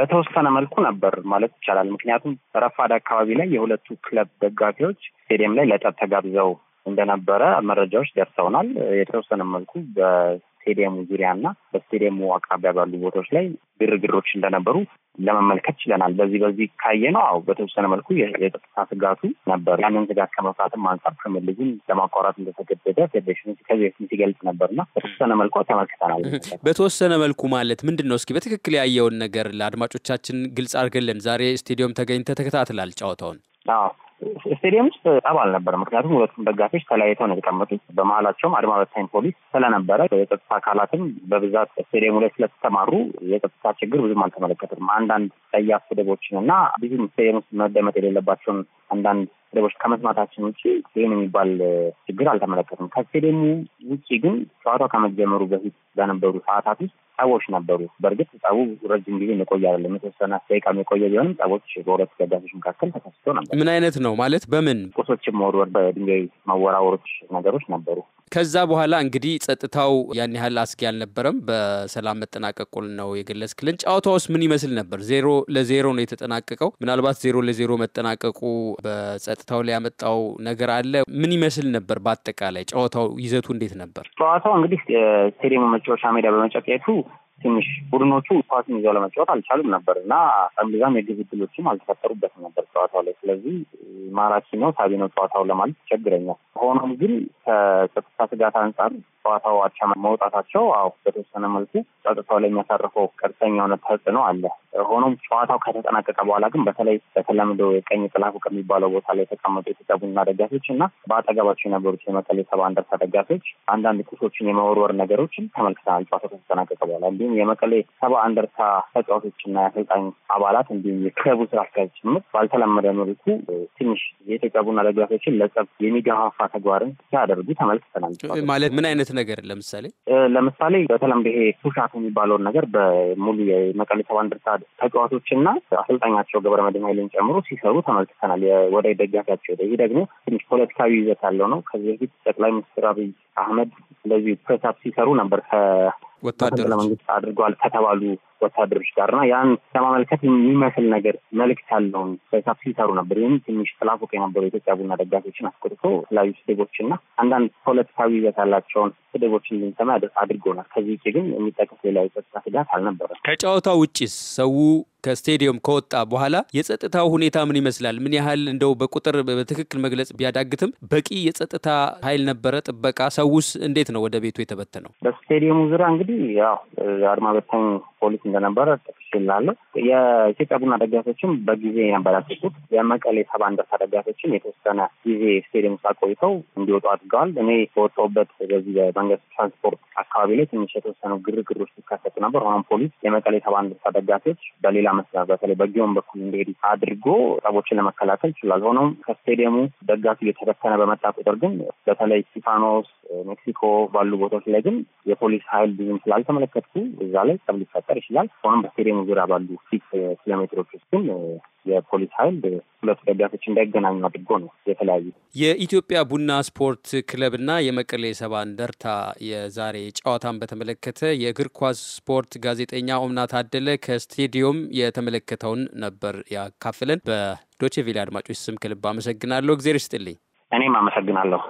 በተወሰነ መልኩ ነበር ማለት ይቻላል። ምክንያቱም ረፋድ አካባቢ ላይ የሁለቱ ክለብ ደጋፊዎች ስቴዲየም ላይ ለጠብ ተጋብዘው እንደነበረ መረጃዎች ደርሰውናል። የተወሰነ መልኩ በስቴዲየሙ ዙሪያ እና በስቴዲየሙ አቅራቢያ ባሉ ቦታዎች ላይ ግርግሮች እንደነበሩ ለመመልከት ችለናል። በዚህ በዚህ ካየ ነው አው በተወሰነ መልኩ የጸጥታ ስጋቱ ነበር። ያንን ስጋት ከመፍራትም አንጻር ፕሪሚየር ሊጉን ለማቋረጥ እንደተገደደ ፌዴሬሽኑ ከዚህ በፊት ሲገልጽ ነበርና በተወሰነ መልኩ ተመልክተናል። በተወሰነ መልኩ ማለት ምንድን ነው? እስኪ በትክክል ያየውን ነገር ለአድማጮቻችን ግልጽ አድርገልን። ዛሬ ስቴዲየም ተገኝተ ተከታትላል ጨዋታውን? አዎ ስቴዲየም ውስጥ ጠብ አልነበረ። ምክንያቱም ሁለቱም ደጋፊዎች ተለያይተው ነው የተቀመጡት። በመሀላቸውም አድማ በታኝ ፖሊስ ስለነበረ የጸጥታ አካላትም በብዛት ስቴዲየሙ ላይ ስለተሰማሩ የጸጥታ ችግር ብዙም አልተመለከትም። አንዳንድ ጸያፍ ስድቦችን እና ብዙም ስቴዲየም ውስጥ መደመጥ የሌለባቸውን አንዳንድ ክለቦች ከመስማታችን ውጭ ይህን የሚባል ችግር አልተመለከትም። ከስቴዲየሙ ውጭ ግን ጨዋታው ከመጀመሩ በፊት በነበሩ ሰዓታት ውስጥ ጸቦች ነበሩ። በእርግጥ ጸቡ ረጅም ጊዜ የቆየ አይደለም። የተወሰነ ደቂቃ የቆየ ቢሆንም ጸቦች በሁለት ደጋፊዎች መካከል ተከስቶ ነበር። ምን አይነት ነው ማለት በምን ቁሶችም መወርወር፣ በድንጋይ መወራወሮች ነገሮች ነበሩ። ከዛ በኋላ እንግዲህ ጸጥታው ያን ያህል አስጊ አልነበረም። በሰላም መጠናቀቁን ነው ክልን ጨዋታ ውስጥ ምን ይመስል ነበር? ዜሮ ለዜሮ ነው የተጠናቀቀው። ምናልባት ዜሮ ለዜሮ መጠናቀቁ በጸጥታው ላይ ያመጣው ነገር አለ። ምን ይመስል ነበር? በአጠቃላይ ጨዋታው ይዘቱ እንዴት ነበር? ጨዋታው እንግዲህ ስቴዲየሙ መጫወቻ ሜዳ በመጨቀቱ ትንሽ ቡድኖቹ ኳስን ይዘው ለመጫወት አልቻሉም ነበር እና እምብዛም የግብ ዕድሎችም አልተፈጠሩበትም ነበር ጨዋታው ላይ። ስለዚህ ማራኪ ነው፣ ሳቢ ነው ጨዋታው ለማለት ይቸግረኛል። ሆኖም ግን ከጸጥታ ስጋት አንጻር ጨዋታው አቻ መውጣታቸው አዎ በተወሰነ መልኩ ጸጥታው ላይ የሚያሳርፈው ቀጥተኛ የሆነ ተጽዕኖ አለ። ሆኖም ጨዋታው ከተጠናቀቀ በኋላ ግን በተለይ በተለምዶ የቀኝ ጥላፉ ከሚባለው ቦታ ላይ የተቀመጡ የኢትዮጵያ ቡና ደጋፊዎች እና በአጠገባቸው የነበሩት የመቀሌ ሰባ እንደርታ ደጋፊዎች አንዳንድ ቁሶችን የመወርወር ነገሮችን ተመልክተናል። ጨዋታው ከተጠናቀቀ በኋላ እንዲሁም የመቀሌ ሰባ እንደርታ እና የአሰልጣኝ አባላት እንዲሁም የክለቡ ስራ አስኪያጅ ጭምር ባልተለመደ መልኩ ትንሽ የኢትዮጵያ ቡና ደጋፊዎችን ለጸብ የሚገፋፋ ተግባርን ሲያደርጉ ተመልክተናል። ማለት ምን አይነት ነገር ለምሳሌ ለምሳሌ በተለምዶ ይሄ ሱሻት የሚባለውን ነገር በሙሉ የመቀሌ ሰባ እንደርታ ተጫዋቾችና አሰልጣኛቸው ገብረመድህን ኃይልን ጨምሮ ሲሰሩ ተመልክተናል። ወደ ደጋፊያቸው ይሄ ደግሞ ትንሽ ፖለቲካዊ ይዘት ያለው ነው። ከዚህ በፊት ጠቅላይ ሚኒስትር አብይ አህመድ ስለዚህ ፕሬሳፕ ሲሰሩ ነበር ወታደሮች አድርገዋል ከተባሉ ወታደሮች ጋር እና ያን ለማመልከት የሚመስል ነገር መልእክት ያለውን በሂሳብ ሲሰሩ ነበር። ይህም ትንሽ ጥላፎቅ የነበሩ የኢትዮጵያ ቡና ደጋፊዎችን አስቆጥቶ የተለያዩ ስቴቦች እና አንዳንድ ፖለቲካዊ ይዘት ያላቸውን ስድቦችን ልንሰማ አድርጎናል። ከዚህ ውጭ ግን የሚጠቀስ ሌላ የጸጥታ ስጋት አልነበረም። ከጨዋታ ውጭስ ሰው ከስቴዲየም ከወጣ በኋላ የጸጥታው ሁኔታ ምን ይመስላል? ምን ያህል እንደው በቁጥር በትክክል መግለጽ ቢያዳግትም በቂ የጸጥታ ኃይል ነበረ፣ ጥበቃ። ሰውስ እንዴት ነው ወደ ቤቱ የተበተነው? በስቴዲየሙ ዙሪያ እንግዲህ ያው አድማ በታኝ ፖሊስ እንደነበረ ይችላሉ። የኢትዮጵያ ቡና ደጋፊዎችም በጊዜ ነበር የመቀሌ ሰባ እንደርታ ደጋፊዎችም የተወሰነ ጊዜ ስቴዲየም ውስጥ አቆይተው እንዲወጡ አድርገዋል። እኔ በወጣሁበት በዚህ በመንገድ ትራንስፖርት አካባቢ ላይ ትንሽ የተወሰኑ ግርግሮች ሲከሰቱ ነበር። ሆኖም ፖሊስ የመቀሌ ሰባ እንደርታ ደጋፊዎች በሌላ መስመር በተለይ በጊዮን በኩል እንዲሄዱ አድርጎ ጠቦችን ለመከላከል ይችላል። ሆኖም ከስቴዲየሙ ደጋፊ እየተበተነ በመጣ ቁጥር ግን በተለይ ስቲፋኖስ፣ ሜክሲኮ ባሉ ቦታዎች ላይ ግን የፖሊስ ኃይል ብዙም ስላልተመለከትኩ እዛ ላይ ጠብ ሊፈጠር ይችላል። ሆኖም በስቴዲየሙ ከዞኑ ዙሪያ ባሉ ፊት ኪሎ ሜትሮች ውስጥም የፖሊስ ኃይል ሁለቱ ደጋፊዎች እንዳይገናኙ አድርጎ ነው የተለያዩ። የኢትዮጵያ ቡና ስፖርት ክለብና የመቀሌ ሰባ እንደርታ የዛሬ ጨዋታን በተመለከተ የእግር ኳስ ስፖርት ጋዜጠኛ ኦምና ታደለ ከስቴዲዮም የተመለከተውን ነበር ያካፍለን። በዶቼ አድማጮች ስም ክልብ አመሰግናለሁ። እግዜር ይስጥልኝ። እኔም አመሰግናለሁ።